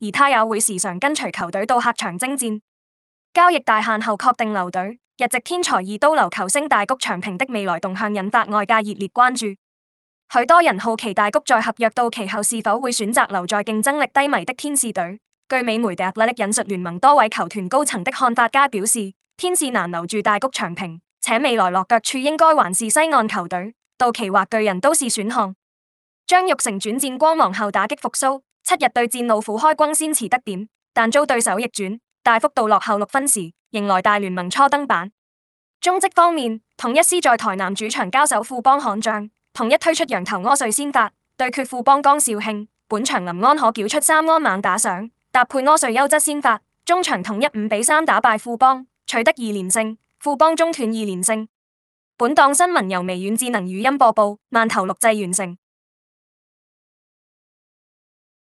而他也會時常跟隨球隊到客場征戰。交易大限後確定留隊，日籍天才二刀流球星大谷翔平的未來動向引發外界熱烈關注。許多人好奇大谷在合約到期後是否會選擇留在競爭力低迷的天使隊。據美媒《The Athletic》引述聯盟多位球團高層的看法，家表示天使難留住大谷翔平，且未來落腳處應該還是西岸球隊。道奇或巨人都是選項。張育成轉戰光芒後打擊復甦。七日對戰老虎開軍先馳得點，但遭對手逆轉，大幅度落後六分時，迎來大聯盟初登板。中職方面，統一獅在台南主場交手富邦悍將，統一推出洋投柯瑞先發對決富邦江少慶，本場林安可繳出三安猛打賞，搭配柯瑞優質先發，中場統一五比三打敗富邦，取得二連勝，富邦中斷二連勝。本檔新聞由微軟智能語音播報，慢投錄製完成。